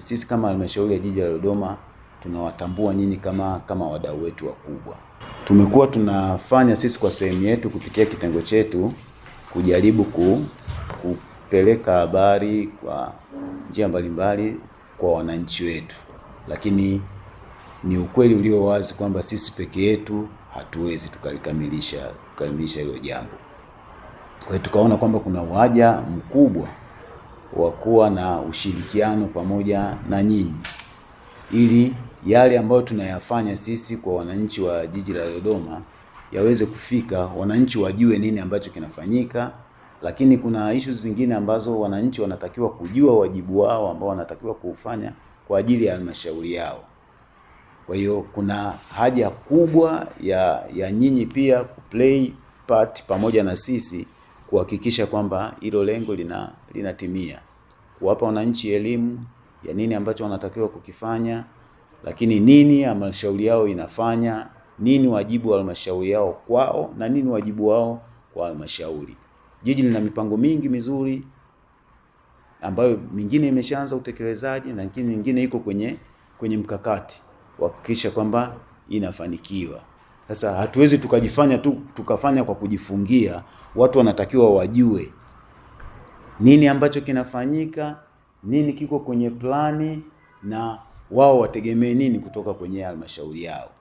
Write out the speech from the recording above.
Sisi kama halmashauri ya jiji la Dodoma tunawatambua nyinyi kama kama wadau wetu wakubwa. Tumekuwa tunafanya sisi kwa sehemu yetu kupitia kitengo chetu kujaribu ku, kupeleka habari kwa njia mbalimbali kwa wananchi wetu, lakini ni ukweli ulio wazi kwamba sisi peke yetu hatuwezi tukalikamilisha kukamilisha hilo jambo. Kwa hiyo tukaona kwamba kuna waja mkubwa wa kuwa na ushirikiano pamoja na nyinyi, ili yale ambayo tunayafanya sisi kwa wananchi wa jiji la Dodoma yaweze kufika, wananchi wajue nini ambacho kinafanyika. Lakini kuna ishu zingine ambazo wananchi wanatakiwa kujua wajibu wao ambao wanatakiwa kuufanya kwa ajili ya halmashauri yao. Kwa hiyo kuna haja kubwa ya, ya nyinyi pia kuplay part pamoja na sisi kuhakikisha kwamba hilo lengo lina linatimia, kuwapa wananchi elimu ya nini ambacho wanatakiwa kukifanya, lakini nini halmashauri yao inafanya, nini wajibu wa halmashauri yao kwao na nini wajibu wao kwa halmashauri. Jiji lina mipango mingi mizuri ambayo mingine imeshaanza utekelezaji na mingine iko kwenye kwenye mkakati kuhakikisha kwamba inafanikiwa. Sasa hatuwezi tukajifanya tu tukafanya kwa kujifungia. Watu wanatakiwa wajue nini ambacho kinafanyika, nini kiko kwenye plani, na wao wategemee nini kutoka kwenye halmashauri yao.